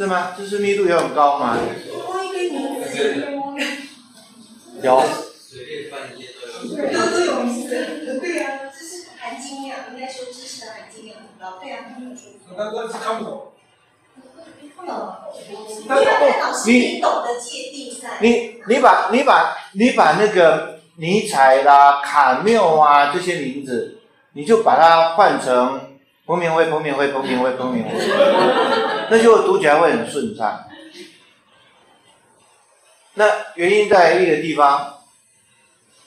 是嗎？知識密度有很高嗎？有。都有。名字？對呀，這是含金量，應該說知識含金量很高。對呀，是看不懂。不能，你懂得界定。你你把、你把、你把那個尼采啦、卡繆啊這些名字，你就把它換成。彭明輝，彭明輝，彭明輝，彭明輝，那就讀起來會很順暢。那原因在一個地方，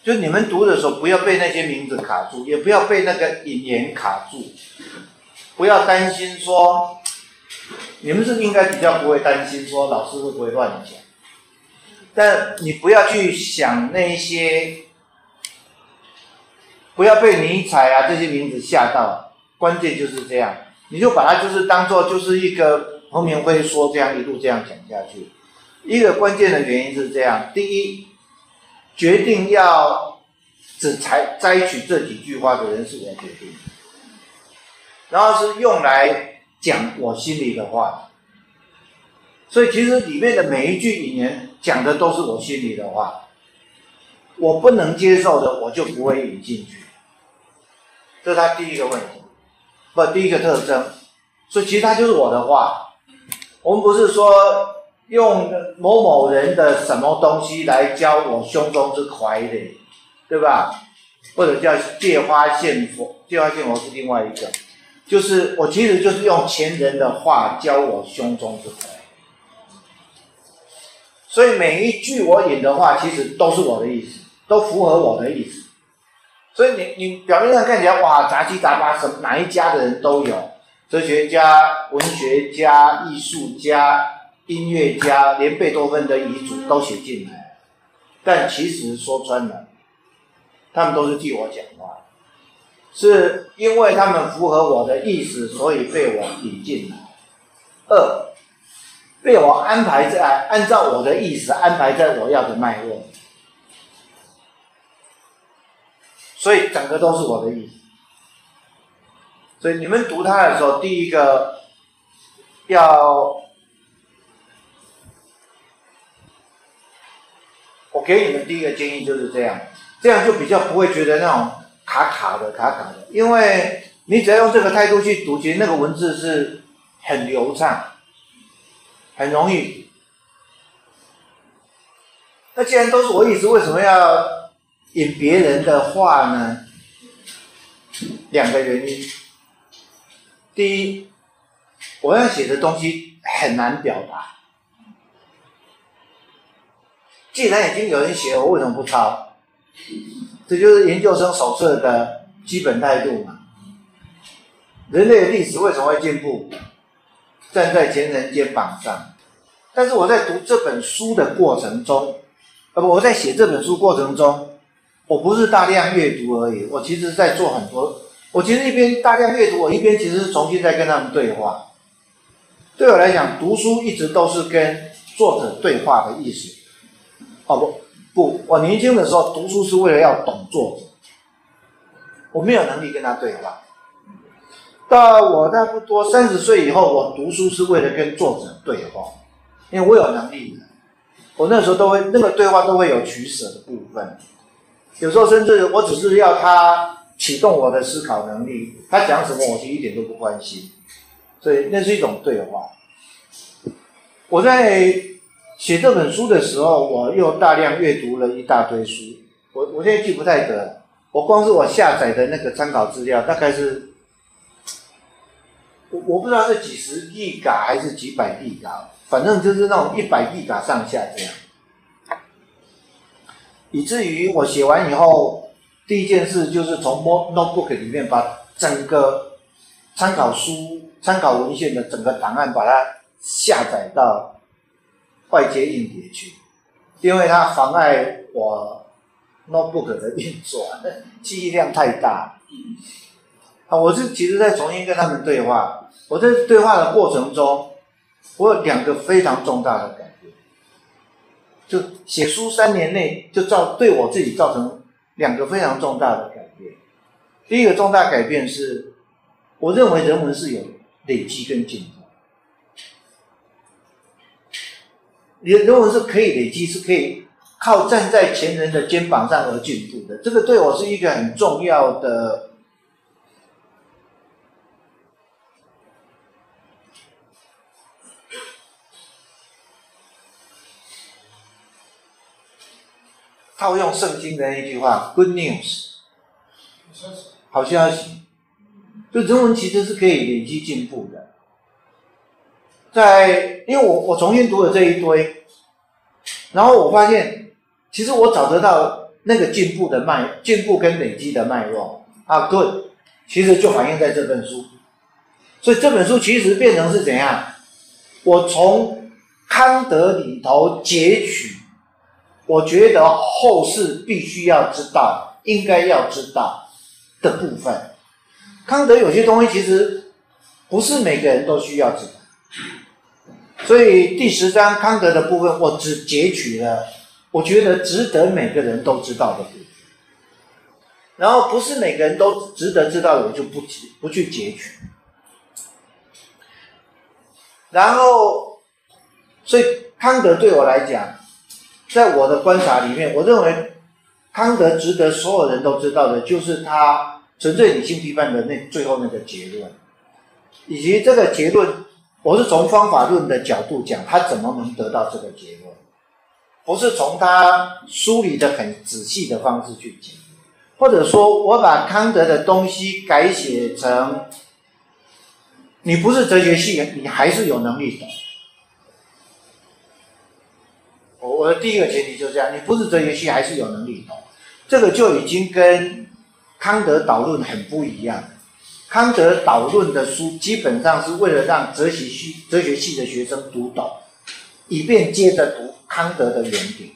就你們讀的時候，不要被那些名字卡住，也不要被那個引言卡住，不要擔心說，你們是應該比較不會擔心說老師會不會亂講，但你不要去想那些，不要被尼采啊這些名字嚇到。關鍵就是這樣，你就把它就是當做就是一個彭明輝說這樣一路這樣講下去。一個關鍵的原因是這樣：第一，決定要尼采摘取這幾句話的人是誰決定的？然後是用來講我心裡的話。所以其實裡面的每一句裡面講的都是我心裡的話，我不能接受的我就不會引進去。這是他第一個問題。不，第一個特徵，所以其實它就是我的話。我們不是說用某某人的什麼東西來澆我胸中之塊壘的，對吧？或者叫借花獻佛，借花獻佛是另外一個。就是我其實就是用前人的話澆我胸中之塊壘。所以每一句我引的話，其實都是我的意思，都符合我的意思。所以你你表面上看起來哇，雜七雜八什麼哪一家的人都有，哲學家、文學家、藝術家、音樂家，連貝多芬的遺囑都寫進來，但其實說穿了，他們都是替我講話，是因為他們符合我的意思，所以被我引進來，二被我安排在按照我的意思安排在我要的脈絡。所以整個都是我的意思，所以你們讀它的時候，第一個要，我給你們第一個建議就是這樣，這樣就比較不會覺得那種卡卡的、卡卡的，因為你只要用這個態度去讀，其實那個文字是很流暢，很容易。那既然都是我意思，為什麼要？引別人的話呢，兩個原因。第一，我要寫的東西很難表達。既然已經有人寫了，我為什麼不抄？這就是研究生手冊的基本態度嘛。人類的歷史為什麼會進步？站在前人肩膀上。但是我在讀這本書的過程中，呃不，我在寫這本書過程中。我不是大量閱讀而已，我其實在做很多。我其實一邊大量閱讀，我一邊其實是重新在跟他們對話。對我來講，讀書一直都是跟作者對話的意思。哦不不，我年輕的時候讀書是為了要懂作者，我沒有能力跟他對話。到我差不多三十歲以後，我讀書是為了跟作者對話，因為我有能力。我那個時候都會，那個對話都會有取捨的部分。有時候甚至我只是要他啟動我的思考能力，他講什麼我就一點都不關心，所以那是一種對話。我在寫這本書的時候，我又大量閱讀了一大堆書，我我現在記不太得，我光是我下載的那個參考資料大概是，我我不知道是幾十億嘎，還是幾百億嘎，反正就是那種一百億嘎上下這樣。以至於我寫完以後，第一件事就是從 Notebook 裡面把整個參考書、參考文獻的整個檔案把它下載到外接硬碟去，因為它妨礙我 Notebook 的運轉，記憶量太大。啊，我是其實，在重新跟他們對話，我在對話的過程中，我有兩個非常重大的感覺。就寫書三年內就造對我自己造成兩個非常重大的改變。第一個重大改變是，我認為人文是有累積跟進步。人，人文是可以累積，是可以靠站在前人的肩膀上而進步的。這個對我是一個很重要的。套用聖經的一句話，“Good news，好消息”，就人文其實是可以累積進步的。在因為我我重新讀了這一堆，然後我發現，其實我找得到那個進步的脈，進步跟累積的脈絡啊，Good，其實就反映在這本書。所以這本書其實變成是怎樣？我從康德裡頭截取。我覺得後世必須要知道，應該要知道的部分。康德有些東西其實不是每個人都需要知道，所以第十章康德的部分，我只截取了我覺得值得每個人都知道的部分，然後不是每個人都值得知道的，我就不去不去截取，然後所以康德對我來講，在我的觀察裡面，我認為康德值得所有人都知道的，就是他純粹理性批判的那最後那個結論，以及這個結論，我是從方法論的角度講，他怎麼能得到這個結論，不是從他梳理的很仔細的方式去講，或者說，我把康德的東西改寫成，你不是哲學系的，你還是有能力的。我的第一個前提就是這樣，你不是哲學系還是有能力懂，這個就已經跟康德導論很不一樣。康德導論的書基本上是為了讓哲學系哲學系的學生讀懂，以便接着讀康德的原典。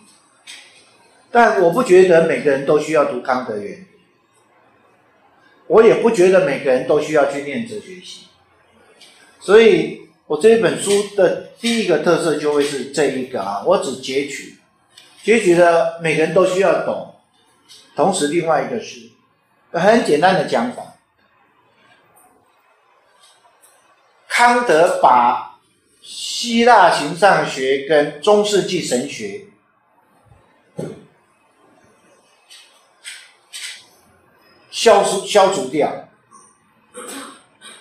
但我不覺得每個人都需要讀康德原典，我也不覺得每個人都需要去念哲學系，所以。我這一本書的第一個特色就會是這一個啊，我只截取，截取的每個人都需要懂，同時另外一個是很簡單的講法，康德把希臘形上學跟中世紀神學消除消除掉，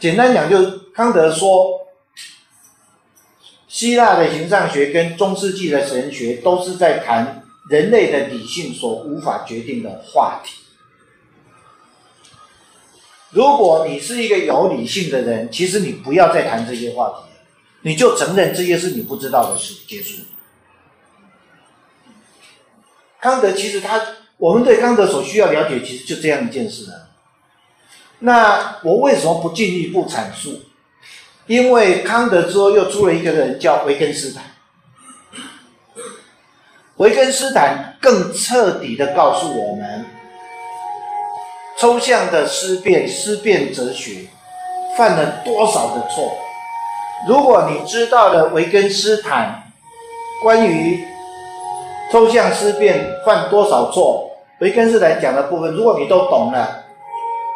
簡單講就是康德說。希臘的形上學跟中世紀的神學都是在談人類的理性所無法決定的話題。如果你是一個有理性的人，其實你不要再談這些話題，你就承認這些是你不知道的事，結束。康德其實他，我們對康德所需要了解，其實就這樣一件事啊。那我為什麼不進一步闡述？因為康德之後又出了一個人叫維根斯坦，維根斯坦更徹底地告訴我們，抽象的思辨、思辨哲學犯了多少的錯。如果你知道了維根斯坦關於抽象思辨犯多少錯，維根斯坦講的部分，如果你都懂了，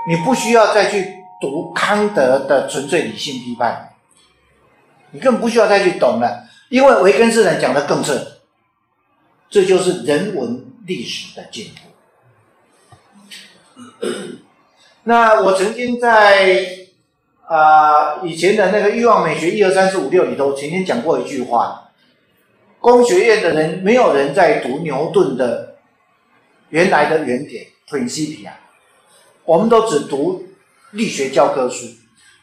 你不需要再去。讀康德的《純粹理性批判》，你更不需要再去懂了，因為維根斯坦講的更順。這就是人文歷史的進步。那我曾經在啊、呃、以前的那個《欲望美學》一、二、三、四、五、六裡頭，曾經講過一句話：工學院的人沒有人在讀牛頓的原來的原點《Principia》，我們都只讀。力學教科書，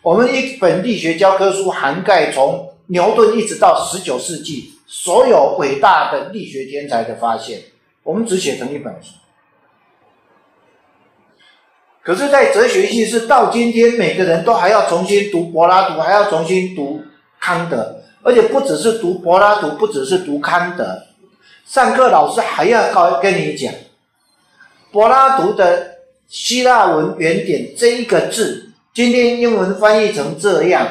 我們一本力學教科書涵蓋從牛頓一直到十九世紀所有偉大的力學天才的發現，我們只寫成一本書。可是，在哲學系是到今天，每個人都還要重新讀柏拉圖，還要重新讀康德，而且不只是讀柏拉圖，不只是讀康德，上課老師還要告，跟你講柏拉圖的。希臘文原典這一個字，今天英文翻譯成這樣，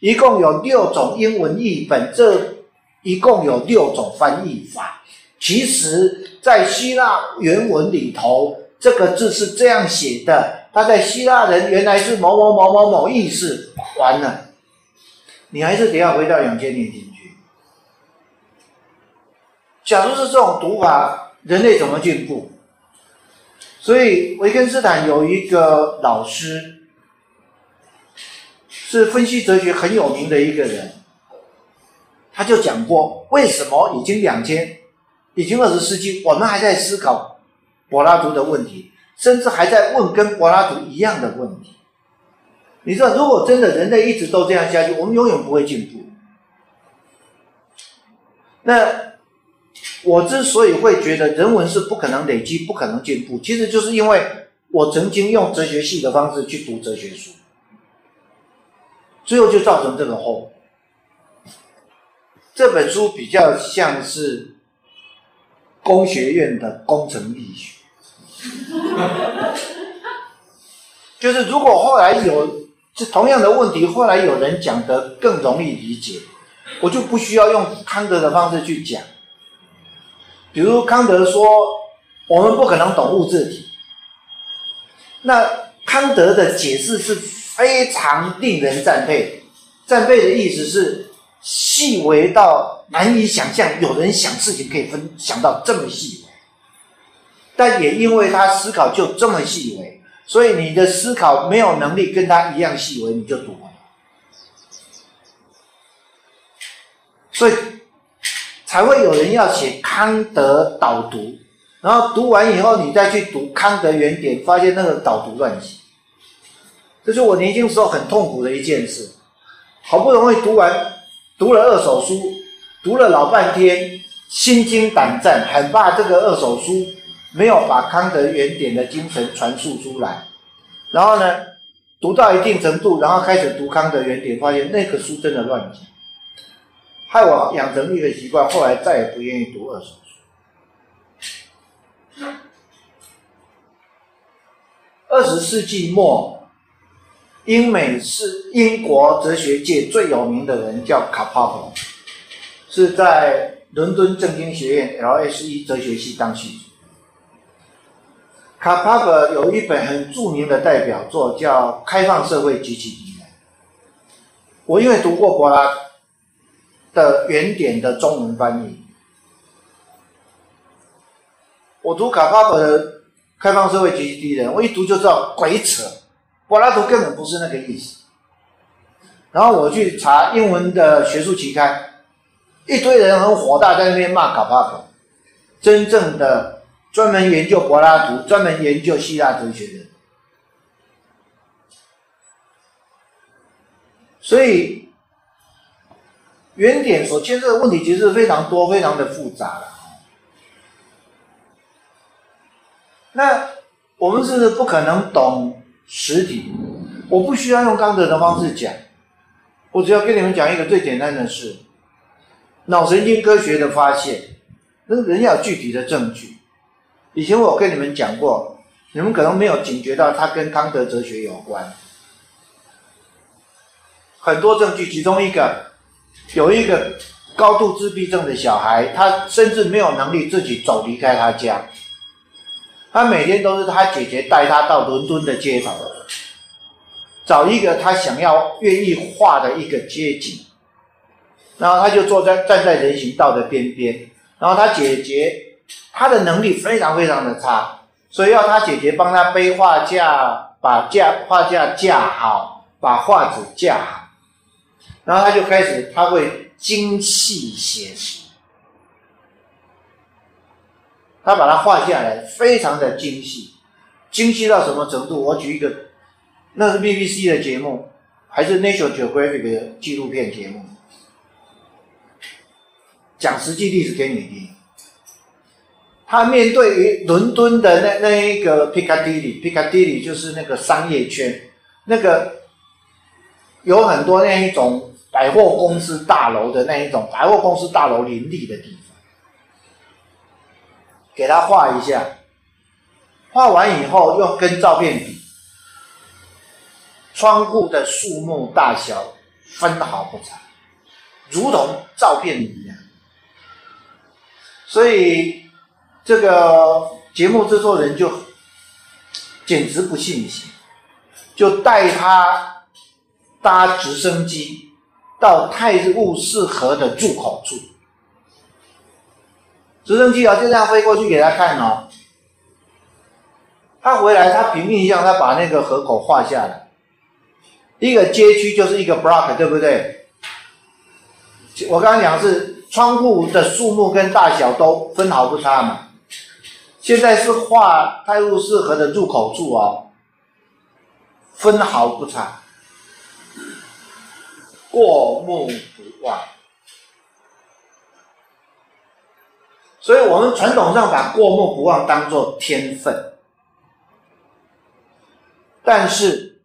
一共有六種英文譯本，這一共有六種翻譯法。其實，在希臘原文裡頭，這個字是這樣寫的，他在希臘人原來是某某某某某意思，完了，你還是得要回到兩千年進去。假如是這種讀法，人類怎麼進步？所以，維根斯坦有一個老師，是分析哲學很有名的一個人，他就講過，為什麼已經兩千，已經二十世紀，我們還在思考柏拉圖的問題，甚至還在問跟柏拉圖一樣的問題？你知道，如果真的人類一直都這樣下去，我們永遠不會進步。那。我之所以會覺得人文是不可能累積、不可能進步，其實就是因為我曾經用哲學系的方式去讀哲學書，最後就造成這個後果。這本書比較像是工學院的工程力學， 就是如果後來有同樣的問題，後來有人講得更容易理解，我就不需要用康德的方式去講。比如康德說，我們不可能懂物質體。那康德的解釋是非常令人贊佩，贊佩的意思是細微到難以想象，有人想事情可以分想到這麼細微。但也因為他思考就這麼細微，所以你的思考沒有能力跟他一樣細微，你就讀不了。所以，才會有人要寫康德導讀，然後讀完以後，你再去讀康德原典，發現那個導讀亂七八糟。這是我年輕時候很痛苦的一件事，好不容易讀完，讀了二手書，讀了老半天，心驚膽戰，很怕這個二手書沒有把康德原典的精神傳述出來。然後呢，讀到一定程度，然後開始讀康德原典，發現那個書真的亂七八糟。害我養成一個習慣，後來再也不願意讀二手書。二十世紀末，英美是英國哲學界最有名的人叫卡帕格，是在倫敦政經學院 （LSE） 哲學系當系主任。卡帕格有一本很著名的代表作叫《開放社會及其敵人》。我因為讀過柏拉。的原點的中文翻譯，我讀卡帕爾的《開放社會及其敵人》，我一讀就知道鬼扯，柏拉圖根本不是那個意思。然後我去查英文的學術期刊，一堆人很火大，在那邊罵卡帕爾，真正的專門研究柏拉圖、專門研究希臘哲學的，所以。原點所牽涉的問題其實是非常多，非常的複雜的。那我們是不，是不可能懂實體，我不需要用康德的方式講，我只要跟你們講一個最簡單的事：腦神經科學的發現，那是人要具體的證據。以前我跟你們講過，你們可能沒有警覺到它跟康德哲學有關。很多證據，其中一個。有一個高度自閉症的小孩，他甚至沒有能力自己走離開他家，他每天都是他姐姐帶他到倫敦的街上，找一個他想要願意畫的一個街景，然後他就坐在站在人行道的邊邊，然後他姐姐，他的能力非常非常的差，所以要他姐姐幫他背畫架，把架畫架架好，把畫紙架好。然後他就開始，他會精細寫實，他把它畫下來，非常的精細，精細到什麼程度？我舉一個，那是 BBC 的節目，還是 National Geographic 的紀錄片節目，講實際例子給你聽。他面對於倫敦的那那一個 Piccadilly，Piccadilly Pic 就是那個商業圈，那個有很多那一種。百貨公司大樓的那一種百貨公司大樓林立的地方，給他畫一下，畫完以後又跟照片比，窗戶的數目大小分毫不差，如同照片裡一樣。所以這個節目制作人就簡直不信邪，就帶他搭直升機。到泰晤士河的入口處，直升機啊、哦、就這樣飛過去給他看哦。他回來，他憑印象，他把那個河口畫下來。一個街區就是一個 block，對不對？我剛剛講是窗戶的數目跟大小都分毫不差嘛。現在是畫泰晤士河的入口處哦，分毫不差。過目不忘，所以我們傳統上把過目不忘當做天分，但是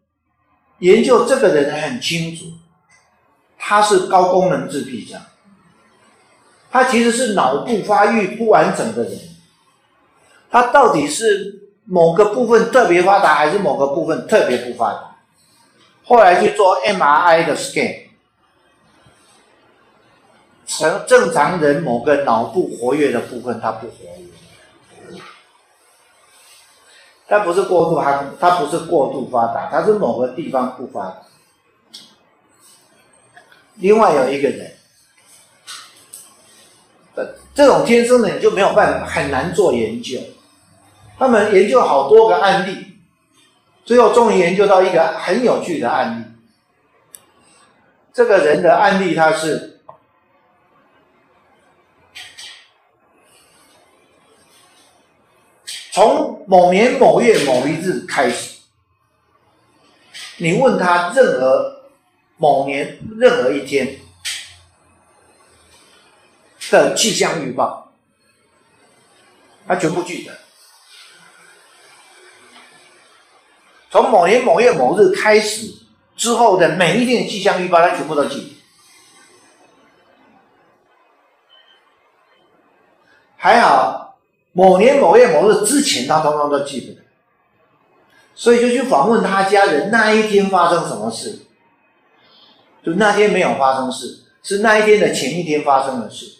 研究這個的人很清楚，他是高功能自閉症，他其實是腦部發育不完整的人，他到底是某個部分特別發達，還是某個部分特別不發達？後來去做 MRI 的 scan。成正常人某個腦部活躍的部分，它不活躍，它不是過度，它它不是過度發達，它是某個地方不發達。另外有一個人，這種天生的你就沒有辦法，很難做研究。他們研究好多個案例，最後終於研究到一個很有趣的案例。這個人的案例，他是。從某年某月某一日開始，你問他任何某年任何一天的氣象預報，他全部記得。從某年某月某日開始之後的每一天的氣象預報，他全部都記得。還好。某年某月某日之前，他通通都記不得，所以就去訪問他家人。那一天發生什麼事？就那天沒有發生事，是那一天的前一天發生的事。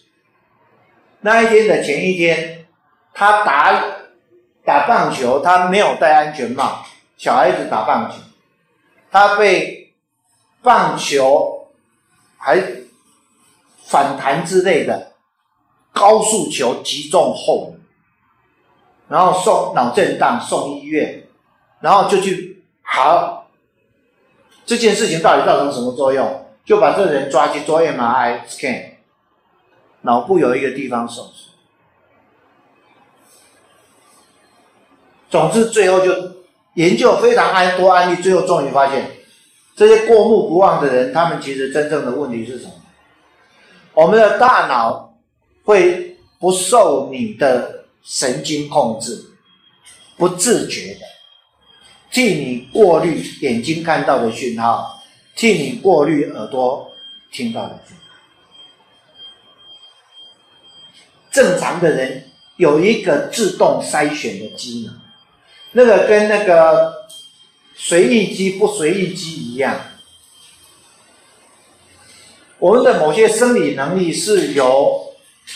那一天的前一天，他打打棒球，他沒有戴安全帽。小孩子打棒球，他被棒球還反彈之類的高速球擊中後。然後送腦震盪，送醫院，然後就去好這件事情到底造成什麼作用？就把這人抓去做 MRI scan，腦部有一個地方受損。總之，最後就研究非常安多安逸，最後終於發現，這些過目不忘的人，他們其實真正的問題是什麼？我們的大腦會不受你的，神經控制，不自覺的替你過濾眼睛看到的訊號，替你過濾耳朵聽到的訊號。正常的人有一個自動篩選的機能，那個跟那個隨意肌不隨意肌一樣。我們的某些生理能力是由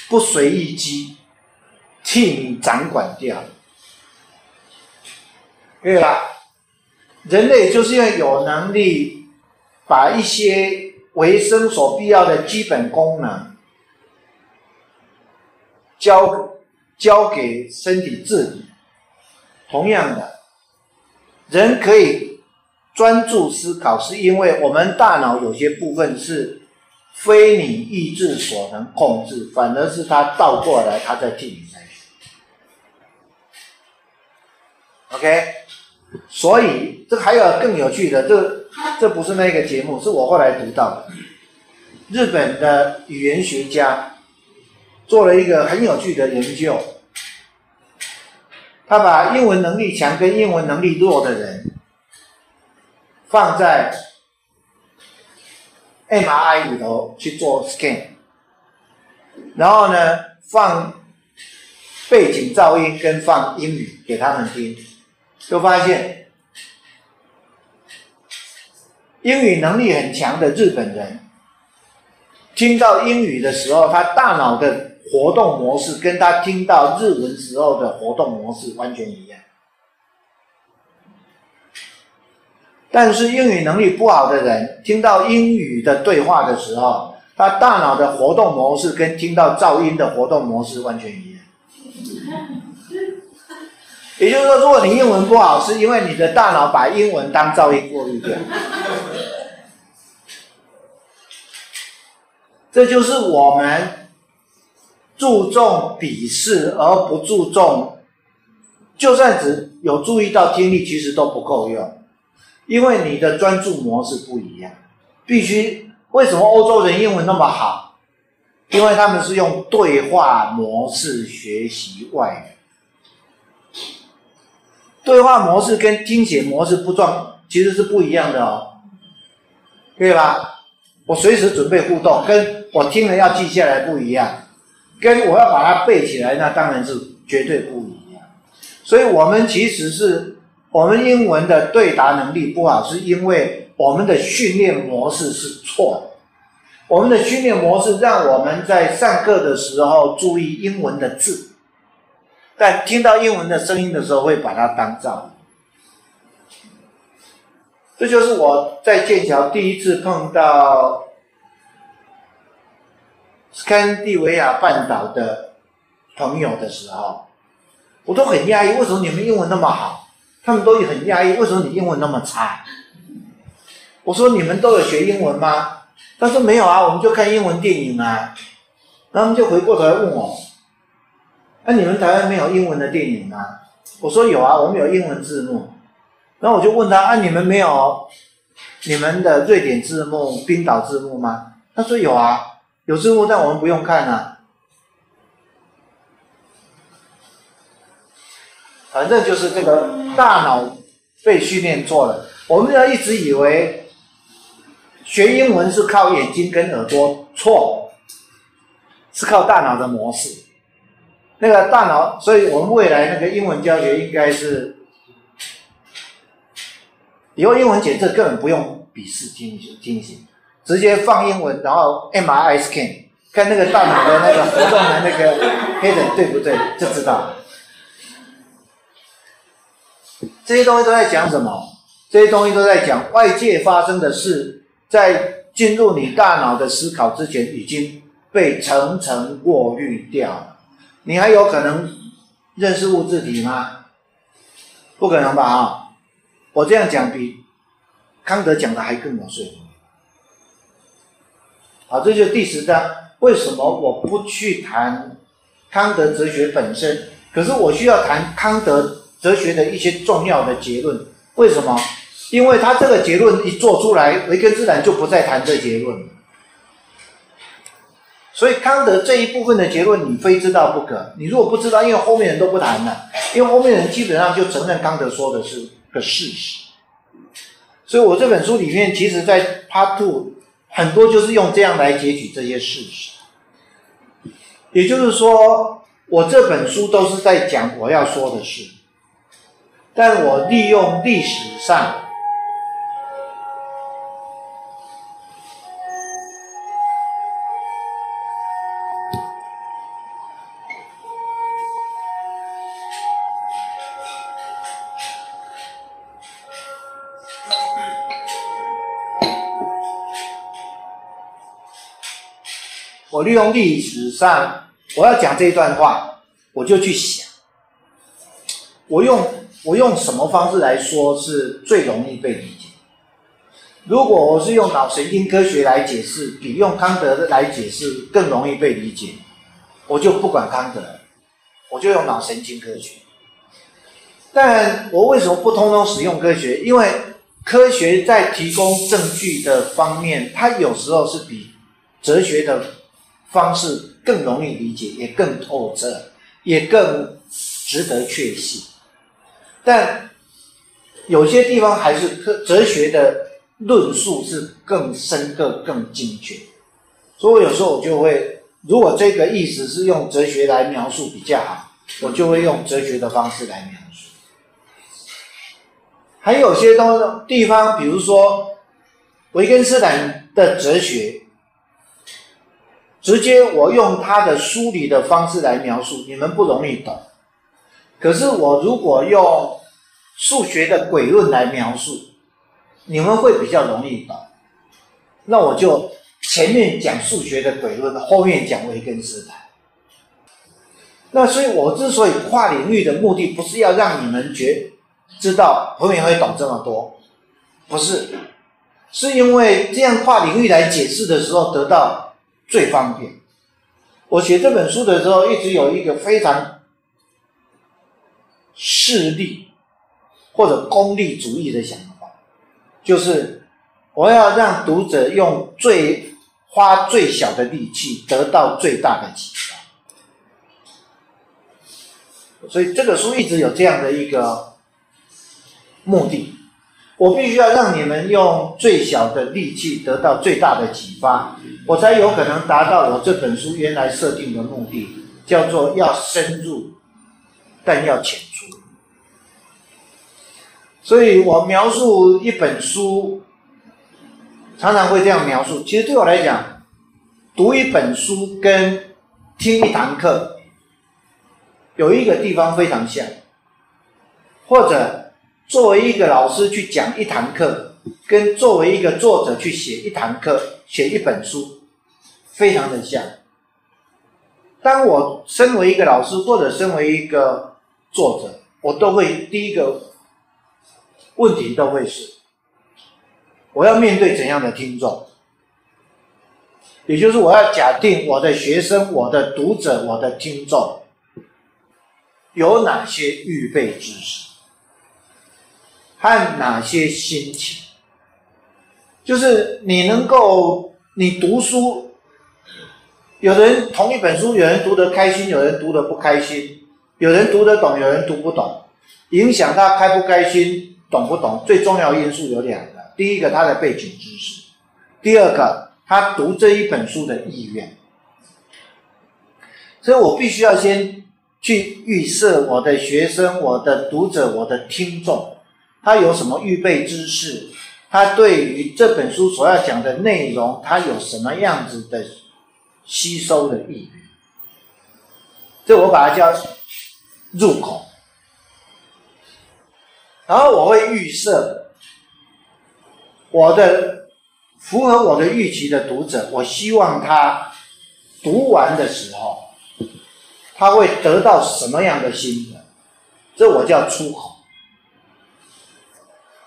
不隨意肌。替你掌管掉，對吧？人類就是要有能力把一些維生所必要的基本功能交交給身體治理，同樣的，人可以專注思考，是因為我們大腦有些部分是非你意志所能控制，反而是它倒過來，它在替你。OK，所以這還有更有趣的，這這不是那個節目，是我後來讀到的。日本的語言學家做了一個很有趣的研究，他把英文能力強跟英文能力弱的人放在 MRI 裡頭去做 scan，然後呢，放背景噪音跟放英語給他們聽。就發現，英語能力很強的日本人聽到英語的時候，他大腦的活動模式跟他聽到日文時候的活動模式完全一樣。但是英語能力不好的人聽到英語的對話的時候，他大腦的活動模式跟聽到噪音的活動模式完全一樣。也就是說，如果你英文不好，是因為你的大腦把英文當噪音過濾掉。這就是我們注重筆試而不注重，就算只有注意到聽力，其實都不夠用，因為你的專注模式不一樣。必須，為什麼歐洲人英文那麼好？因為他們是用對話模式學習外語。對話模式跟聽寫模式不撞，其實是不一樣的哦，對吧？我隨時準備互動，跟我聽了要記下來不一樣，跟我要把它背起來，那當然是絕對不一樣。所以我們其實是我們英文的對答能力不好，是因為我們的訓練模式是錯的。我們的訓練模式讓我們在上課的時候注意英文的字。但聽到英文的聲音的時候，會把它當噪音。這就是我在劍橋第一次碰到斯堪的維亞半島的朋友的時候，我都很訝異，為什麼你們英文那麼好？他們都也很訝異，為什麼你英文那麼差？我說你們都有學英文嗎？他說沒有啊，我們就看英文電影啊。然後他們就回過頭來問我。那、啊、你們台灣沒有英文的電影嗎？我說有啊，我們有英文字幕。然後我就問他，啊，你們沒有你們的瑞典字幕、冰島字幕嗎？他說有啊，有字幕，但我們不用看啊。反正就是這個大腦被訓練錯了。我們要一直以為學英文是靠眼睛跟耳朵，錯，是靠大腦的模式。那個大腦，所以我們未來那個英文教學應該是以後英文檢測根本不用筆試、聽寫、聽寫，直接放英文，然後 MRI scan 看那個大腦的那個活動的那個 pattern 對不對，就知道了。這些東西都在講什麼？這些東西都在講外界發生的事，在進入你大腦的思考之前，已經被層層過濾掉。你還有可能認識物質體嗎？不可能吧啊！我這樣講比康德講的還更有說服力。好，這就是第十章。為什麼我不去談康德哲學本身？可是我需要談康德哲學的一些重要的結論。為什麼？因為他這個結論一做出來，維根斯坦就不再談這個結論了。所以康德這一部分的結論你非知道不可。你如果不知道，因為後面人都不談了，因為後面人基本上就承認康德說的是個事實。所以我這本書裡面，其實，在 Part Two 很多就是用這樣來截取這些事實。也就是說，我這本書都是在講我要說的事。但我利用歷史上。利用歷史上，我要講這一段話，我就去想，我用我用什麼方式來說是最容易被理解？如果我是用腦神經科學來解釋，比用康德的來解釋更容易被理解，我就不管康德，我就用腦神經科學。但我為什麼不通通使用科學？因為科學在提供證據的方面，它有時候是比哲學的。方式更容易理解，也更透徹，也更值得確信。但有些地方還是哲哲學的論述是更深刻、更精確。所以，我有時候我就會，如果這個意思是用哲學來描述比較好，我就會用哲學的方式來描述。還有些東地方，比如說維根斯坦的哲學，直接我用他的梳理的方式來描述，你們不容易懂。可是我如果用數學的詭論來描述，你們會比較容易懂。那我就前面講數學的詭論，後面講維根斯坦。那所以我之所以跨領域的目的，不是要讓你們覺知道後面會，會懂這麼多，不是，是因為這樣跨領域來解釋的時候得到，最方便。我寫這本書的時候，一直有一個非常勢利或者功利主義的想法，就是我要讓讀者用最花最小的力氣得到最大的啟發。所以，這個書一直有這樣的一個目的。我必須要讓你們用最小的力氣得到最大的啟發，我才有可能達到我這本書原來設定的目的，叫做要深入，但要淺出。所以我描述一本書，常常會這樣描述。其實對我來講，讀一本書跟聽一堂課，有一個地方非常像，或者。作為一個老師去講一堂課，跟作為一個作者去寫一堂課、寫一本書，非常的像。當我身為一個老師或者身為一個作者，我都會第一個問題都會是：我要面對怎樣的聽眾？也就是我要假定我的學生、我的讀者、我的聽眾有哪些預備知識？和哪些心情？就是你能夠，你讀書，有人同一本書，有人讀得開心，有人讀得不開心，有人讀得懂，有人讀不懂，影響他開不開心，懂不懂？最重要因素有兩個：第一個，他的背景知識；第二個，他讀這一本書的意願。所以我必須要先去預設我的學生、我的讀者、我的聽眾。他有什麼預備知識？他對於這本書所要講的內容，他有什麼樣子的吸收的意義？這我把它叫入口。然後我會預設我的，符合我的預期的讀者，我希望他讀完的時候，他會得到什麼樣的心得？這我叫出口。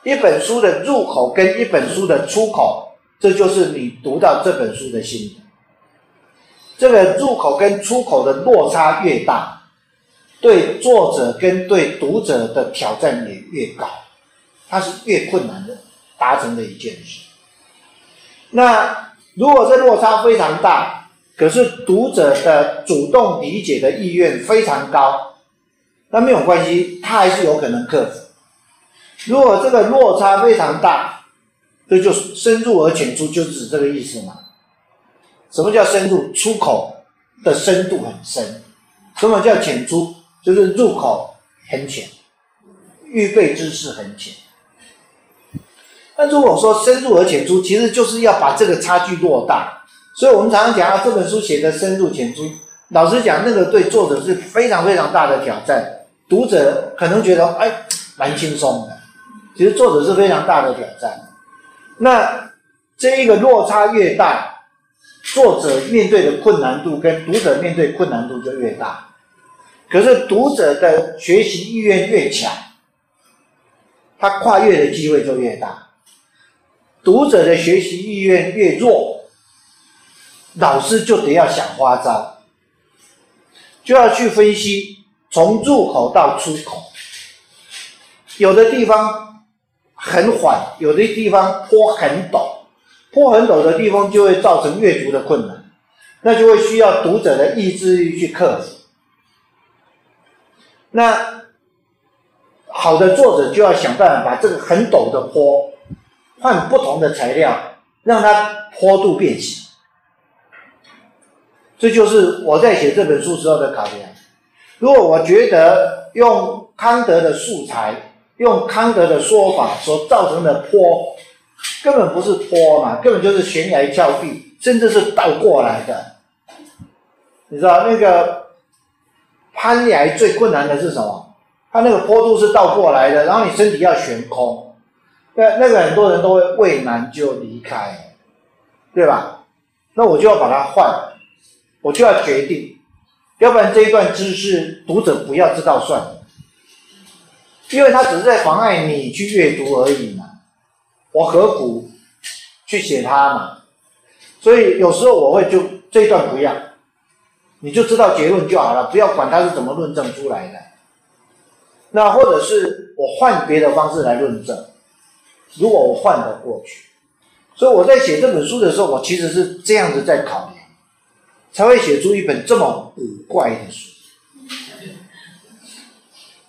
一本書的入口跟一本書的出口，這就是你讀到這本書的心。這個入口跟出口的落差越大，對作者跟對讀者的挑戰也越高，它是越困難的達成的一件事。那如果這落差非常大，可是讀者的主動理解的意願非常高，那沒有關係，他還是有可能克服。如果這個落差非常大，這就深入而淺出，就指這個意思嘛。什麼叫深入？出口的深度很深。什麼叫淺出？就是入口很淺，預備知識很淺。那如果說深入而淺出，其實就是要把這個差距落大。所以我們常常講啊，這本書寫的深入淺出。老實講，那個對作者是非常非常大的挑戰，讀者可能覺得，哎，蠻輕鬆的。其實作者是非常大的挑戰，那這一個落差越大，作者面對的困難度跟讀者面對困難度就越大。可是讀者的學習意願越強，他跨越的機會就越大；讀者的學習意願越弱，老師就得要想花招，就要去分析從入口到出口，有的地方，很緩，有的地方坡很陡，坡很陡的地方就會造成閱讀的困難，那就會需要讀者的意志力去克服。那好的作者就要想辦法把這個很陡的坡換不同的材料，讓它坡度變平。這就是我在寫這本書時候的考量。如果我覺得用康德的素材，用康德的說法，所造成的坡，根本不是坡嘛，根本就是懸崖峭壁，甚至是倒過來的。你知道那個攀岩最困難的是什麼？它那個坡度是倒過來的，然後你身體要懸空，那那個很多人都會畏難就離開，對吧？那我就要把它換，我就要決定，要不然這一段知識讀者不要知道算了。因為他只是在妨礙你去閱讀而已嘛，我何苦去寫他嘛？所以有時候我會就這一段不要，你就知道結論就好了，不要管他是怎麼論證出來的。那或者是我換別的方式來論證，如果我換得過去，所以我在寫這本書的時候，我其實是這樣子在考量，才會寫出一本這麼古怪的書。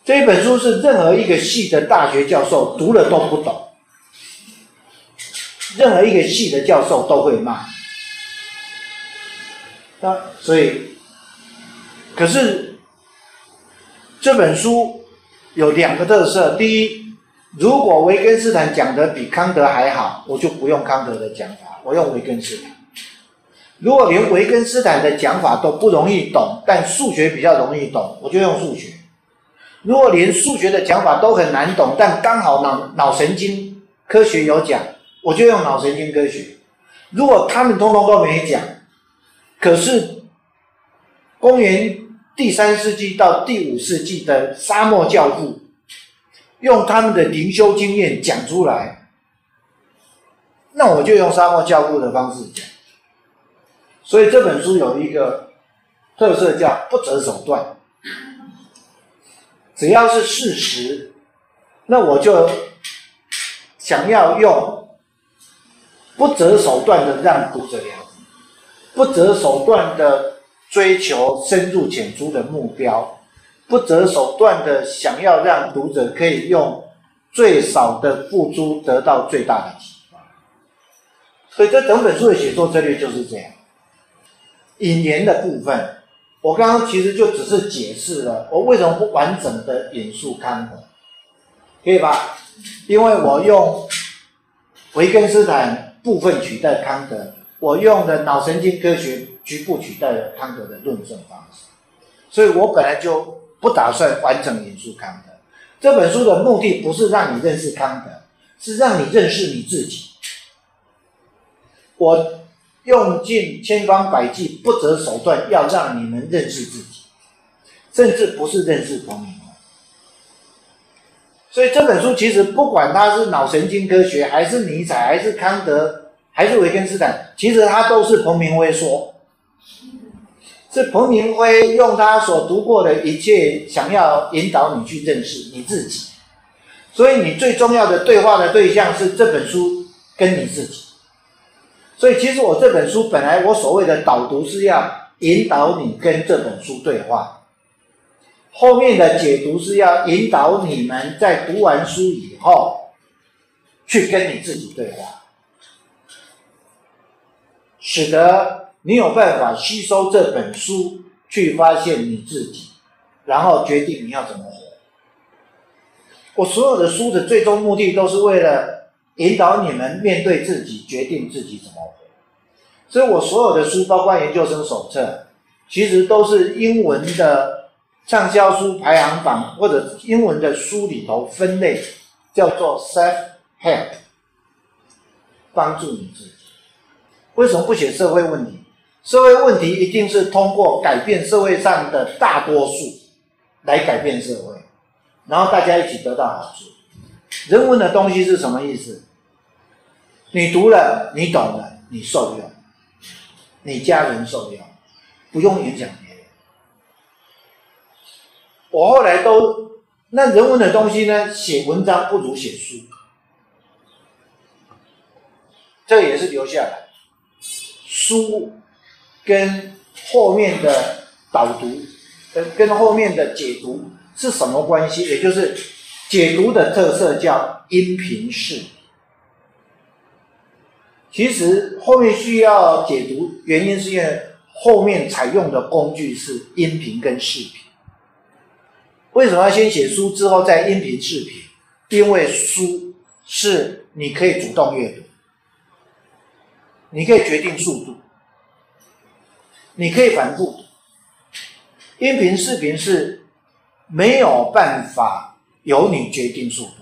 這本書是任何一個系的大學教授讀了都不懂，任何一個系的教授都會罵。所以，可是這本書有兩個特色：第一，如果維根斯坦講的比康德還好，我就不用康德的講法，我用維根斯坦；如果連維根斯坦的講法都不容易懂，但數學比較容易懂，我就用數學。如果連數學的講法都很難懂，但剛好腦腦神經科學有講，我就用腦神經科學。如果他們通通都沒講，可是公元第三世紀到第五世紀的沙漠教父，用他們的靈修經驗講出來，那我就用沙漠教父的方式講。所以這本書有一個特色，叫不擇手段。只要是事實，那我就想要用不擇手段的讓讀者，不擇手段的追求深入淺出的目標，不擇手段的想要讓讀者可以用最少的付出得到最大的啟發。所以這整本書的寫作策略就是這樣，引言的部分。我剛剛其實就只是解釋了我為什麼不完整的引述康德，可以吧？因為我用維根斯坦部分取代康德，我用的腦神經科學局部取代了康德的論證方式，所以我本來就不打算完整引述康德。這本書的目的不是讓你認識康德，是讓你認識你自己。我。用盡千方百計、不擇手段，要讓你們認識自己，甚至不是認識彭明輝。所以這本書其實不管它是腦神經科學，還是尼采，還是康德，還是維根斯坦，其實它都是彭明輝說，是彭明輝用他所讀過的一切，想要引導你去認識你自己。所以你最重要的對話的對象是這本書跟你自己。所以，其實我這本書本來我所謂的導讀是要引導你跟這本書對話，後面的解讀是要引導你們在讀完書以後去跟你自己對話，使得你有辦法吸收這本書，去發現你自己，然後決定你要怎麼活。我所有的書的最終目的都是為了。引導你們面對自己，決定自己怎麼活。所以我所有的書，包括研究生手冊，其實都是英文的暢銷書排行榜，或者英文的書裡頭分類，叫做 self-help，幫助你自己。為什麼不寫社會問題？社會問題一定是通過改變社會上的大多數來改變社會，然後大家一起得到好處。人文的東西是什麼意思？你讀了，你懂了，你受用，你家人受用，不用影響別人。我後來都那人文的東西呢？寫文章不如寫書，這個也是留下來。書跟後面的導讀，跟後面的解讀是什麼關係？也就是。解讀的特色叫音頻視頻，其實後面需要解讀，原因是因為後面採用的工具是音頻跟視頻。為什麼要先寫書，之後再音頻、視頻？因為書是你可以主動閱讀，你可以決定速度，你可以反覆。音頻、視頻是沒有辦法。由你決定速度，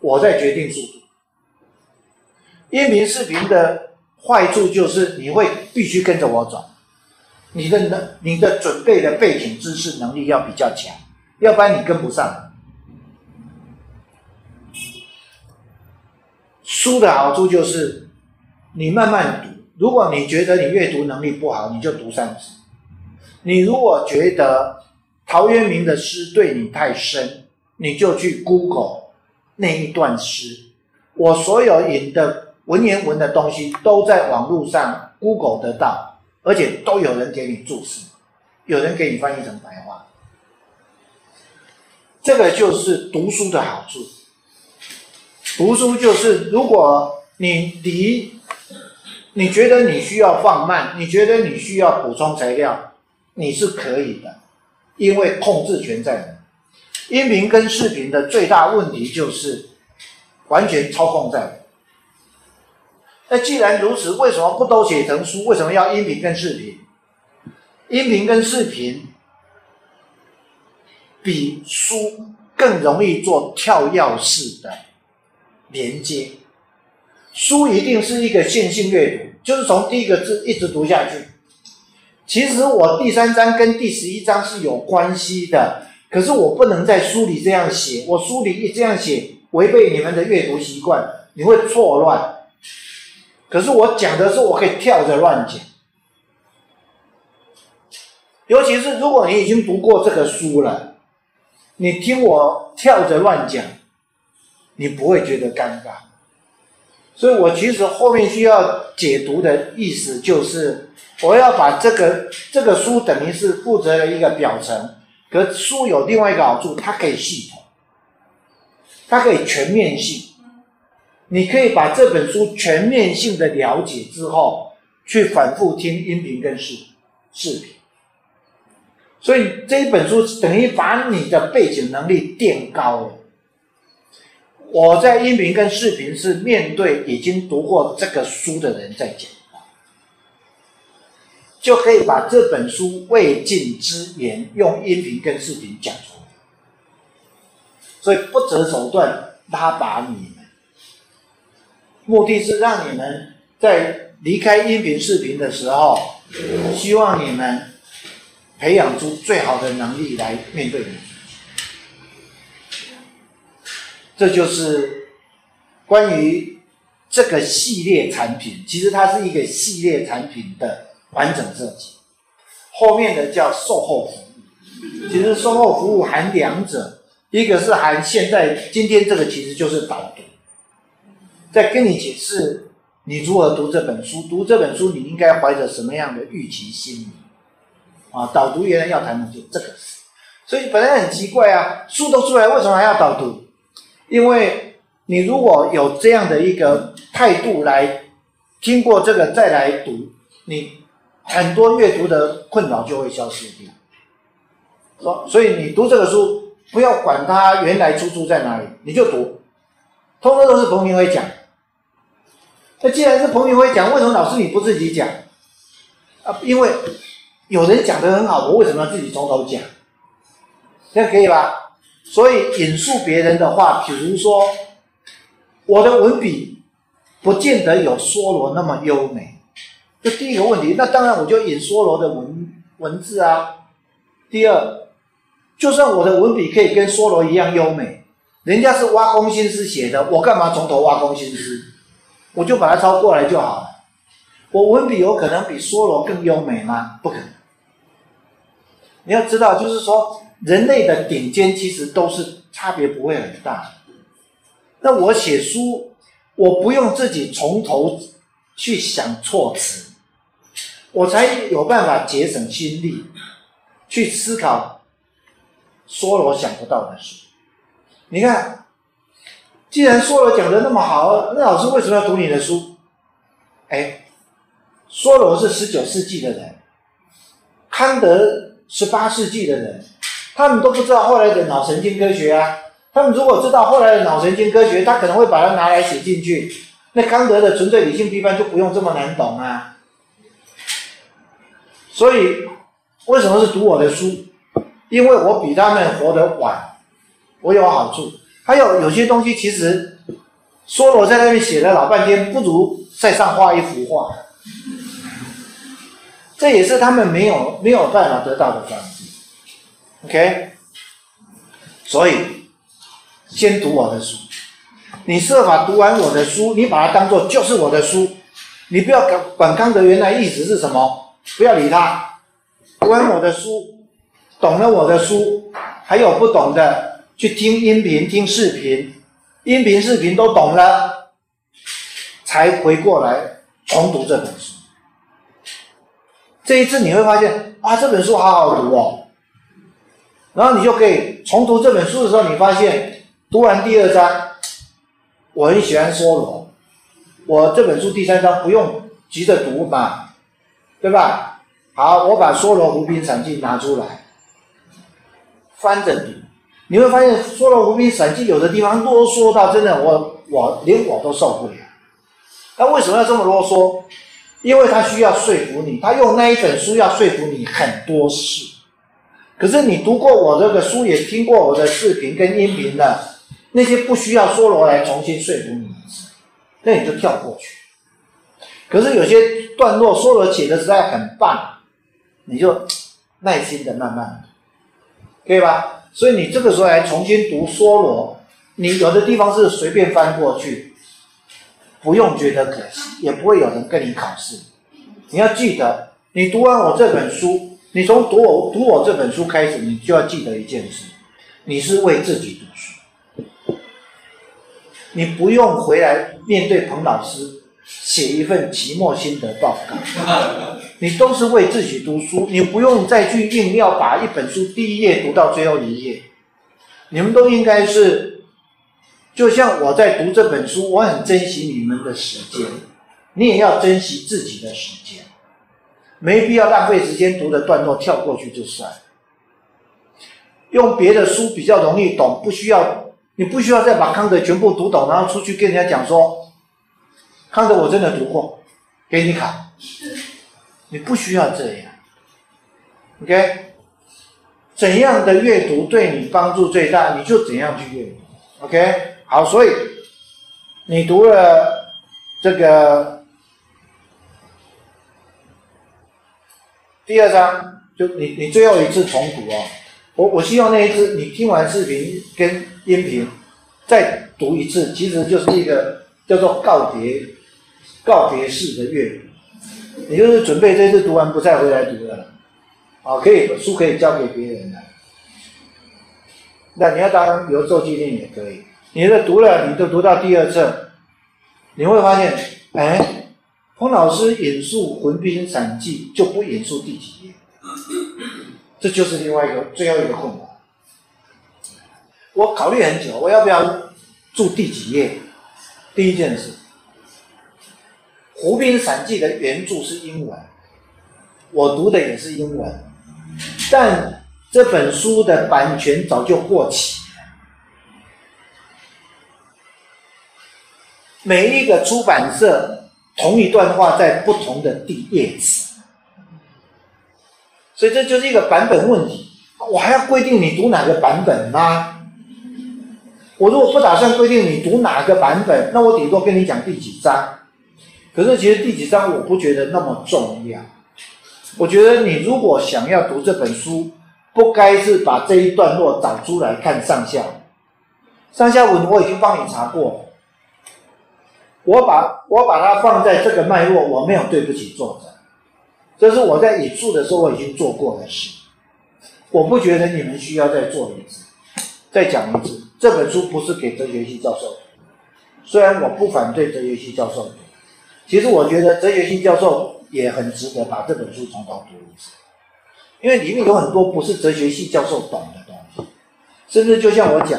我在決定速度。音頻視頻的壞處就是你會必須跟着我走，你的能、你的準備的背景知識能力要比較強，要不然你跟不上。書的好處就是，你慢慢讀。如果你覺得你閱讀能力不好，你就讀三次。你如果覺得，陶淵明的詩對你太深，你就去 Google 那一段詩。我所有引的文言文的東西都在網絡上 Google 得到，而且都有人給你註釋，有人給你翻譯成白話。這個就是讀書的好處。讀書就是，如果你離，你覺得你需要放慢，你覺得你需要補充材料，你是可以的。因為控制權在，音頻跟視頻的最大問題就是完全操控在。那既然如此，為什麼不都寫成書？為什麼要音頻跟視頻？音頻跟視頻比書更容易做跳躍式的連接。書一定是一個線性閱讀，就是從第一個字一直讀下去。其實我第三章跟第十一章是有關係的，可是我不能在書裡這樣寫，我書裡一這樣寫，違背你們的閱讀習慣，你會錯亂。可是我講的時候，我可以跳着亂講。尤其是如果你已經讀過這個書了，你聽我跳着亂講，你不會覺得尷尬。所以我其實後面需要解讀的意思就是，我要把這個這個書等於是負責了一個表層，可是書有另外一個好處，它可以系統，它可以全面性。你可以把這本書全面性的了解之後，去反復聽音頻跟視視頻。所以這一本書等於把你的背景能力墊高了。我在音頻跟視頻是面對已經讀過這個書的人在講，就可以把這本書未盡之言用音頻跟視頻講出來。所以不擇手段拉拔你們，目的是讓你們在離開音頻視頻的時候，希望你們培養出最好的能力來面對你。這就是關於這個系列產品，其實它是一個系列產品的完整設計。後面的叫售後服務，其實售後服務含兩者，一個是含現在今天這個，其實就是導讀，在跟你解釋你如何讀這本書，讀這本書你應該懷着什麼樣的預期心理啊？導讀原來要談的就是這個事，所以本來很奇怪啊，書都出來，為什麼還要導讀？因為你如果有這樣的一個態度來經過這個再來讀，你很多閱讀的困擾就會消失掉。所以你讀這個書，不要管它原來出處在哪裡，你就讀，通通都是彭明輝講。那既然是彭明輝講，為什麼老師你不自己講？啊，因為有人講得很好，我為什麼要自己從頭講？這樣可以吧？所以引述別人的話，比如說我的文筆不見得有梭羅那麼優美，這第一個問題。那當然我就引梭羅的文文字啊。第二，就算我的文筆可以跟梭羅一樣優美，人家是挖空心思寫的，我幹嘛從頭挖空心思？我就把它抄過來就好了。我文筆有可能比梭羅更優美嗎？不可能。你要知道，就是說。人類的頂尖其實都是差別不會很大。那我寫書，我不用自己從頭去想措辭，我才有辦法節省心力去思考梭羅想不到的事。你看，既然梭羅講的那麼好，那老師為什麼要讀你的書？哎、欸，梭羅是十九世紀的人，康德十八世紀的人。他們都不知道後來的腦神經科學啊，他們如果知道後來的腦神經科學，他可能會把它拿來寫進去。那康德的純粹理性批判就不用這麼難懂啊。所以為什麼是讀我的書？因為我比他們活得晚，我有好處。還有有些東西其實說了，我在那邊寫了老半天，不如在上畫一幅畫，這也是他們沒有沒有辦法得到的吧。OK，所以先讀我的書，你設法讀完我的書，你把它當做就是我的書，你不要管管康德原來意思是什麼，不要理他，讀完我的書，懂了我的書，還有不懂的去聽音頻、聽視頻，音頻、視頻都懂了，才回過來重讀這本書，這一次你會發現啊，這本書好好讀哦。然後你就可以重讀這本書的時候，你發現讀完第二章，我很喜歡梭羅。我這本書第三章不用急着讀吧，對吧？好，我把《梭羅湖濱散記》拿出來，翻着讀，你會發現《梭羅湖濱散記》有的地方囉嗦到真的我我連我都受不了。那為什麼要這麼囉嗦？因為他需要說服你，他用那一本書要說服你很多事。可是你讀過我這個書，也聽過我的視頻跟音頻的那些，不需要梭羅來重新說服你一次，那你就跳過去。可是有些段落梭羅寫的實在很棒，你就耐心的慢慢，可以吧？所以你這個時候來重新讀梭羅，你有的地方是隨便翻過去，不用覺得可惜，也不會有人跟你考試。你要記得，你讀完我這本書。你從讀我讀我這本書開始，你就要記得一件事，你是為自己讀書，你不用回來面對彭老師寫一份期末心得報告， 你都是為自己讀書，你不用再去硬要把一本書第一頁讀到最後一頁，你們都應該是，就像我在讀這本書，我很珍惜你們的時間，你也要珍惜自己的時間。沒必要浪費時間讀的段落跳過去就算了，用別的書比較容易懂，不需要，你不需要再把康德全部讀懂，然後出去跟人家講說，康德我真的讀過，給你看，你不需要這樣，OK？怎樣的閱讀對你幫助最大，你就怎樣去閱讀，OK？好，所以你讀了這個。第二章就你你，最後一次重讀哦，我，我希望那一次你聽完視頻跟音頻再讀一次，其實就是一個叫做告別告別式的閱讀，你就是準備這次讀完不再回來讀了，好，可以書可以交給別人了，那你要當留作紀念也可以。你這讀了，你都讀到第二次，你會發現，哎。彭老師引述《湖濱散記》，就不引述第幾頁，這就是另外一個最後一個困難。我考慮很久，我要不要注第幾頁？第一件事，《湖濱散記》的原著是英文，我讀的也是英文，但這本書的版權早就過期了，每一個出版社。同一段話在不同的第頁次，所以這就是一個版本問題。我還要規定你讀哪個版本嗎？我如果不打算規定你讀哪個版本，那我頂多跟你講第幾章。可是其實第幾章我不覺得那麼重要。我覺得你如果想要讀這本書，不該是把這一段落找出來看上下。上下文我已經幫你查過了。我把我把它放在這個脈絡，我沒有對不起作者，這是我在引述的時候我已經做過的事。我不覺得你們需要再做一次，再講一次。這本書不是給哲學系教授的，雖然我不反對哲學系教授的，其實我覺得哲學系教授也很值得把這本書重讀一次，因為裡面有很多不是哲學系教授懂的東西，甚至就像我講。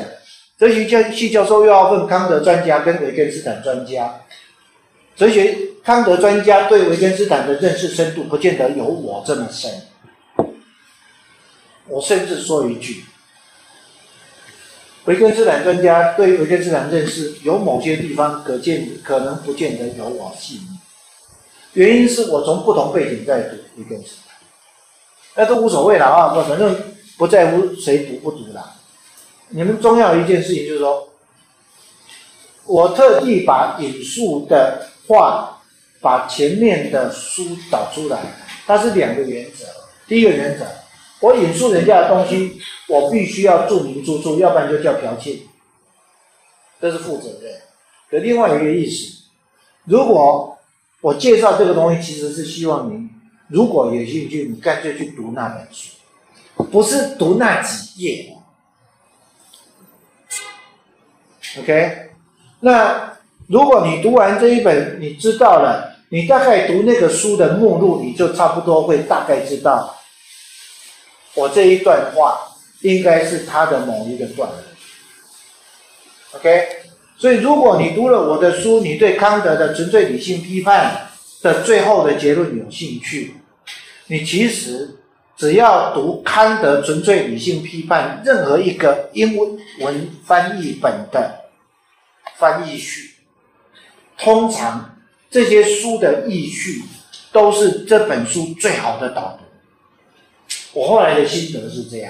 哲學系教授又要問康德專家跟維根斯坦專家，哲學康德專家對維根斯坦的認識深度不見得有我這麼深，我甚至說一句，維根斯坦專家對維根斯坦認識有某些地方可見可能不見得有我細膩，原因是我從不同背景在讀維根斯坦，那都無所謂了啊，我反正不在乎誰讀不讀了。你們重要一件事情就是說，我特地把引述的話，把前面的書找出來，它是兩個原則。第一個原則，我引述人家的東西，我必須要注明出處，要不然就叫剽竊，這是負責任的另外一個意思，如果我介紹這個東西，其實是希望您，如果有興趣，你乾脆去讀那本書，不是讀那幾頁。OK，那如果你讀完這一本，你知道了，你大概讀那個書的目錄，你就差不多會大概知道，我這一段話應該是他的某一個段。OK，所以如果你讀了我的書，你對康德的《純粹理性批判》的最後的結論有興趣，你其實只要讀康德《純粹理性批判》任何一個英文翻譯本的。翻譯序，通常這些書的譯序都是這本書最好的導讀。我後來的心得是這樣，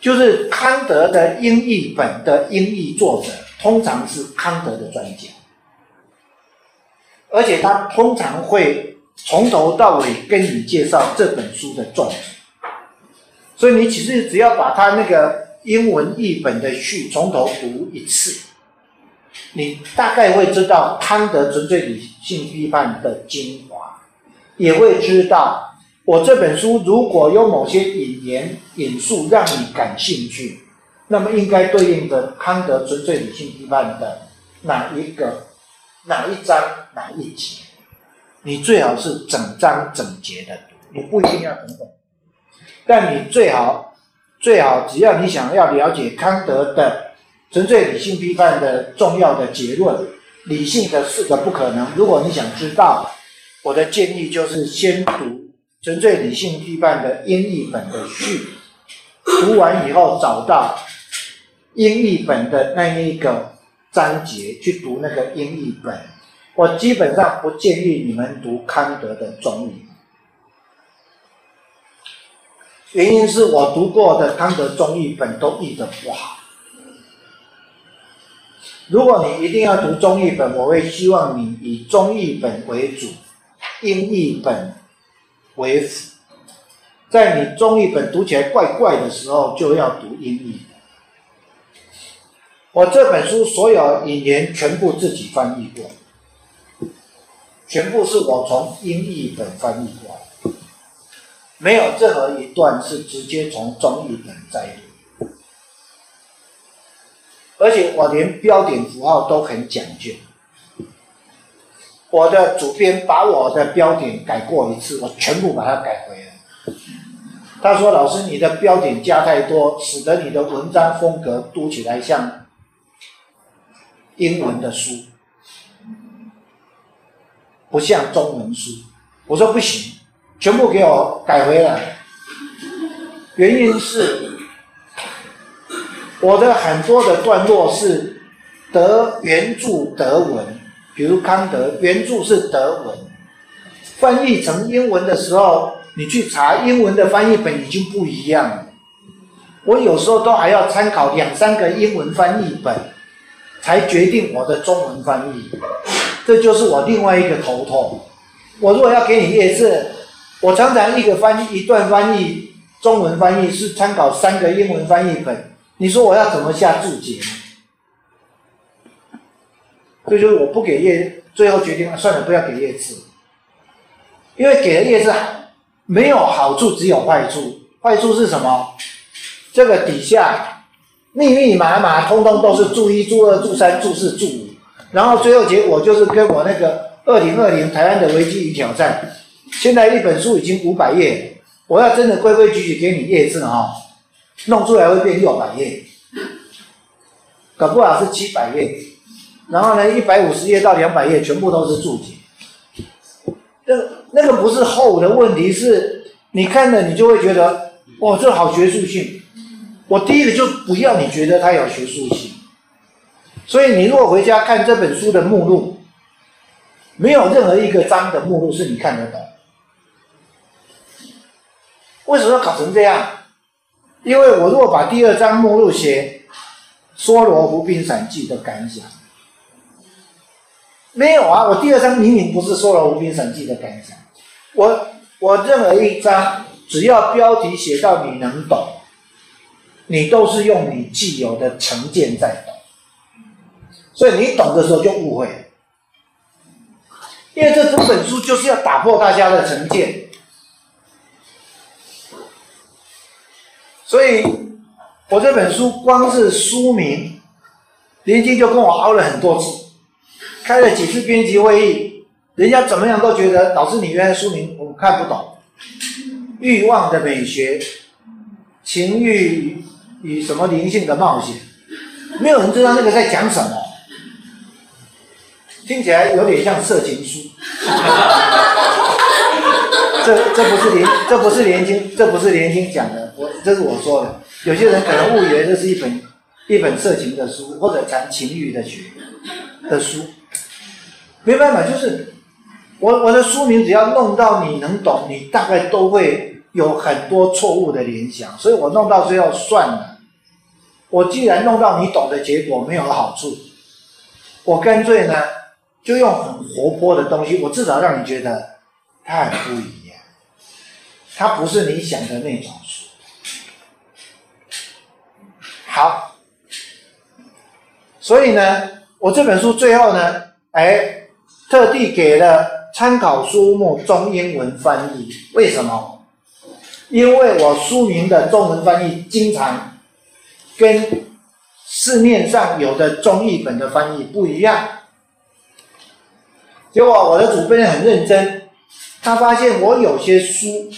就是康德的英譯本的英譯作者通常是康德的專家，而且他通常會從頭到尾跟你介紹這本書的作者，所以你其實只要把他那個英文譯本的序從頭讀一次。你大概會知道康德純粹理性批判的精華，也會知道我這本書如果有某些引言引述讓你感興趣，那麼應該對應着康德純粹理性批判的哪一個哪一章哪一節，你最好是整章整節的讀，你不一定要讀本，但你最好最好只要你想要了解康德的純粹理性批判的重要的結論，理性的四個不可能。如果你想知道，我的建議就是先讀《純粹理性批判》的英譯本的序，讀完以後找到英譯本的那一個章節去讀那個英譯本。我基本上不建議你們讀康德的中譯，原因是我讀過的康德中譯本都譯得不好。如果你一定要讀中譯本，我會希望你以中譯本為主，英譯本為輔。在你中譯本讀起來怪怪的時候，就要讀英譯。我這本書所有引言全部自己翻譯過，全部是我從英譯本翻譯過來，沒有任何一段是直接從中譯本再。而且我連標點符號都很講究，我的主編把我的標點改過一次，我全部把它改回來。他說：“老師，你的標點加太多，使得你的文章風格讀起來像英文的書，不像中文書。”我說：“不行，全部給我改回來。”原因是。我的很多的段落是德原著德文，比如康德原著是德文，翻譯成英文的時候，你去查英文的翻譯本，已經不一樣了。我有時候都還要參考兩三個英文翻譯本，才決定我的中文翻譯。這就是我另外一個頭痛。我如果要給你列字，我常常一個翻譯一段翻譯中文翻譯是參考三個英文翻譯本。你說我要怎麼下注解？所以就說我不給頁，最後決定，算了，不要給頁次，因為給了頁次，沒有好處，只有壞處。壞處是什麼？這個底下密密麻麻，通通都是注一、注二、注三、注四、注五，然後最後結果就是跟我那個二零二零台灣的危機與挑戰，現在一本書已經五百頁，我要真的規規矩矩給你頁次啊。弄出來會變六百頁，搞不好是七百頁，然後呢，一百五十頁到兩百頁全部都是注解。那那個不是厚的問題，是你看了你就會覺得，哇、哦，這好學術性。我第一個就不要你覺得它有學術性，所以你如果回家看這本書的目錄，沒有任何一個章的目錄是你看得懂。為什麼要搞成這樣？因為我如果把第二章目錄寫《梭羅湖濱散記》的感想，沒有啊！我第二章明明不是《梭羅湖濱散記》的感想，我，我我任何一章，只要標題寫到你能懂，你都是用你既有的成見在懂，所以你懂的時候就誤會了，因為這整本書就是要打破大家的成見。所以，我這本書光是書名，林靜就跟我拗了很多次，開了幾次編輯會議，人家怎麼樣都覺得老師你原來書名我看不懂，《欲望的美學》，情欲與什麼靈性的冒險，沒有人知道那個在講什麼，聽起來有點像色情書。哈哈這這不是聯，這不是年輕，這不是年輕講的，我這是我說的。有些人可能誤以為這是一本一本色情的書，或者談情欲的絕的書。沒辦法，就是我我的書名只要弄到你能懂，你大概都會有很多錯誤的聯想。所以我弄到最後算了，我既然弄到你懂的結果沒有好處，我乾脆呢就用很活潑的東西，我至少讓你覺得它很不一它不是你想的那種書。好，所以呢，我這本書最後呢，哎、欸，特地給了參考書目中英文翻譯。為什麼？因為我書名的中文翻譯經常跟市面上有的中譯本的翻譯不一樣。結果我的主編很認真，他發現我有些書。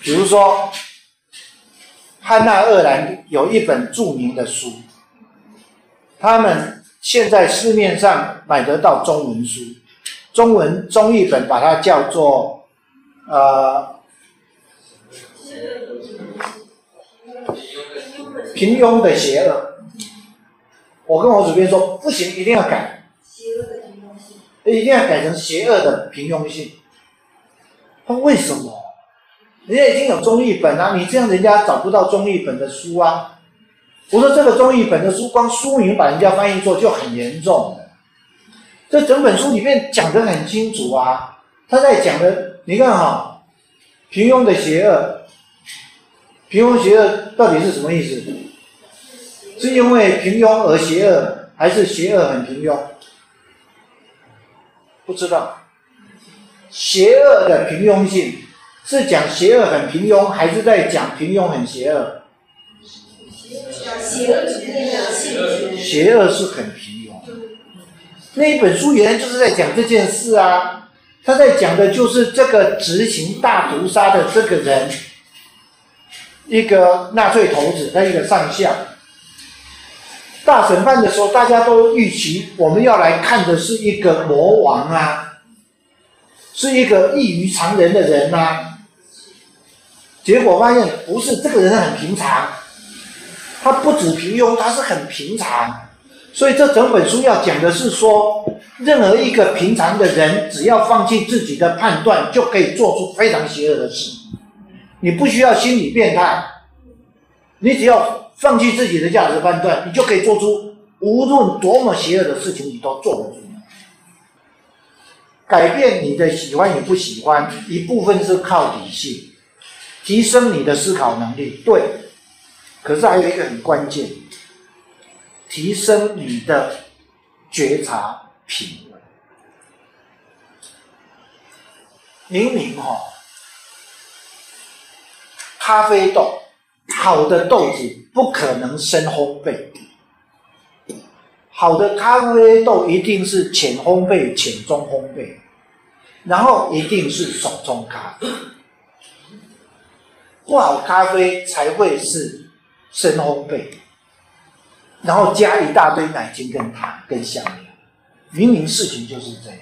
比如說，漢娜鄂蘭有一本著名的書，他們現在市面上買得到中文書，中文中譯本把它叫做，呃，平庸的邪惡。邪惡？我跟我主編說，不行，一定要改。邪惡的平庸性。一定要改成邪惡的平庸性。他為什麼？人家已經有中譯本啊，你這樣人家找不到中譯本的書啊！我說這個中譯本的書，光書名把人家翻譯錯就很嚴重了。這整本書裡面講得很清楚啊，他在講的，你看哈、哦，平庸的邪惡，平庸邪惡到底是什麼意思？是因為平庸而邪惡，還是邪惡很平庸？不知道，邪惡的平庸性。是講邪惡很平庸，還是在講平庸很邪惡？邪惡，邪惡是很平庸。那一本書原來就是在講這件事啊，他在講的就是這個執行大屠殺的這個人，一個納粹頭子，他一個上校。大審判的時候，大家都預期我們要來看的是一個魔王啊，是一個異於常人的人吶、啊。結果發現不是，這個人很平常，他不止平庸，他是很平常。所以這整本書要講的是說，任何一個平常的人，只要放棄自己的判斷，就可以做出非常邪惡的事。你不需要心理變態，你只要放棄自己的價值判斷，你就可以做出無論多麼邪惡的事情，你都做得出。改變你的喜歡與不喜歡，一部分是靠理性。提升你的思考能力，對。可是還有一個很關鍵，提升你的覺察品味。明明哈，咖啡豆好的豆子不可能深烘焙，好的咖啡豆一定是淺烘焙、淺中烘焙，然後一定是手沖咖啡。不好咖啡才會是深烘焙，然後加一大堆奶精跟糖跟香料，明明事情就是這樣。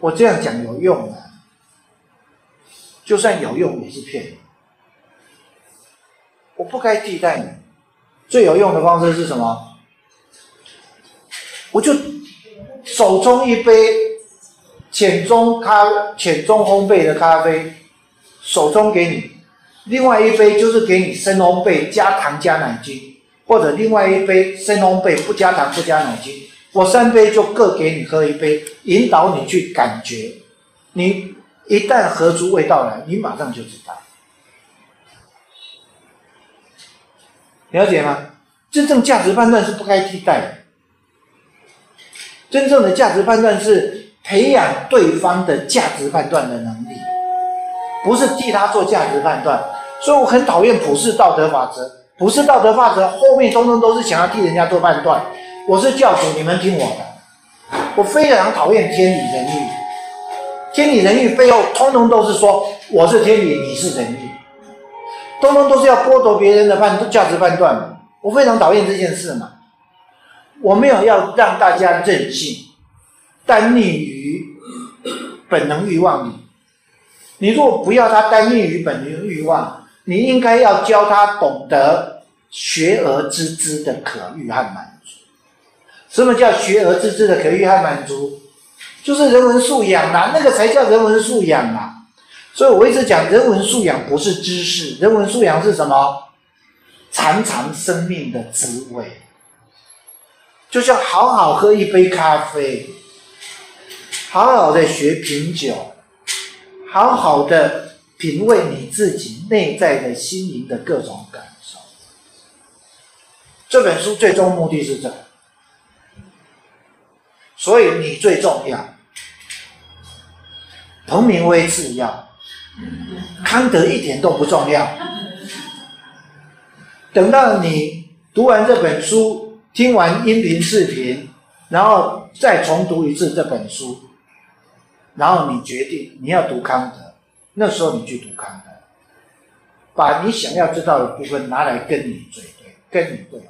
我這樣講有用嗎、啊？就算有用也是騙人。我不該替代你。最有用的方式是什麼？我就手沖一杯淺中咖、淺中烘焙的咖啡，手沖給你。另外一杯就是給你深烘焙加糖加奶精，或者另外一杯深烘焙不加糖不加奶精，我三杯就各給你喝一杯，引導你去感覺，你一旦喝出味道來，你馬上就知道，了解嗎？真正價值判斷是不該替代的，真正的價值判斷是培養對方的價值判斷的能力。不是替他做價值判斷，所以我很討厭普世道德法則。普世道德法則，後面通通都是想要替人家做判斷。我是教主，你們聽我的。我非常討厭天理人欲，天理人欲背後通通都是說我是天理，你是人欲，通通都是要剝奪別人的判價值判斷。我非常討厭這件事嘛。我沒有要讓大家任性、耽溺於本能慾望裡。你如果不要他耽溺於本能欲望，你應該要教他懂得學而知之的可欲和滿足。什麼叫學而知之的可欲和滿足？就是人文素養啊，那個才叫人文素養啊。所以我一直講人文素養不是知識，人文素養是什麼？嘗嘗生命的滋味，就像好好喝一杯咖啡，好好的學品酒。好好的品味你自己內在的心靈的各種感受。這本書最終目的是這個，所以你最重要。彭明輝次要，康德一點都不重要。等到你讀完這本書，聽完音頻視頻，然後再重讀一次這本書。然後你決定你要讀康德，那時候你去讀康德，把你想要知道的部分拿來跟你對對，跟你對。